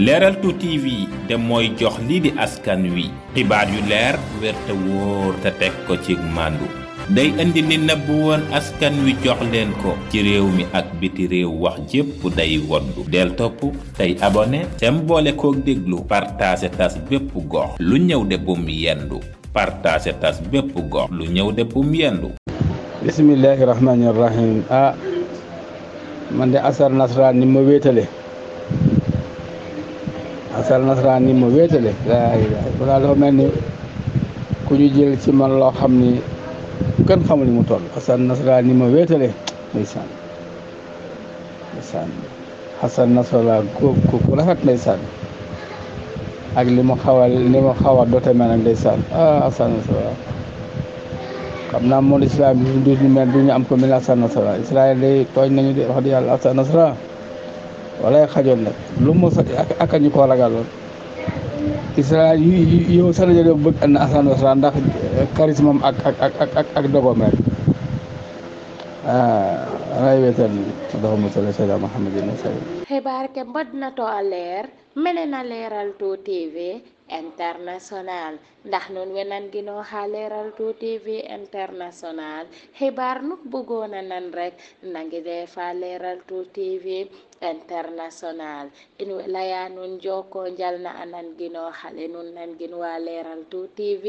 leeral tuuti TV te mooy jox lii di askan wi xibaar yu leer wér wóor te teg ko ci màndu day indi li nëbb woon askan wi jox leen ko ci réew mi ak biti réew wax jépp day woddu del topp tey abone tem boole kook déglu partage tas bépp gox lu ñëw de bum yendu partage tas bépp gox lu ñëw de bum yendu bismillahi rahmaani rahim ah, man de asar nasraan ni ma wéetale asal nasaraan ni ma wéetale laay daal dafa mel ni ku ñu jël ci man loo xam ni kenn xamul ni mu toll asal nasaraan ni ma wéetale ndeysaan ndeysaan Xasan Nasrallah ku ku rafet ndeysaan ak li mu xaw a li mu xaw doote dote mel nag ndeysaan ah Xasan Nasrallah xam naa moom islam du ñu mel du ñu am ko mel Xasan Nasrallah Israël day tooñ nañu de wax yàlla Xasan Nasrallah walaay xajoon nag lu mos a ak ñu koo ragaloon Isra yow sa rajo bëgg an na Assane Ousseynou ndax charisme am ak ak ak ak ak dogoom rek ah walaay weetal Allahumma salli ala Muhammadin xibaar ke mbëd to a leer mene na Leral 2 TV international ndax noon wenan ginooxa leeral 2tv international xibaar nu bëggoona nan rek nangi defa leeral 2tv international in we leya nuun njoko njal na a nan gino xale nuun nan leeral 2tv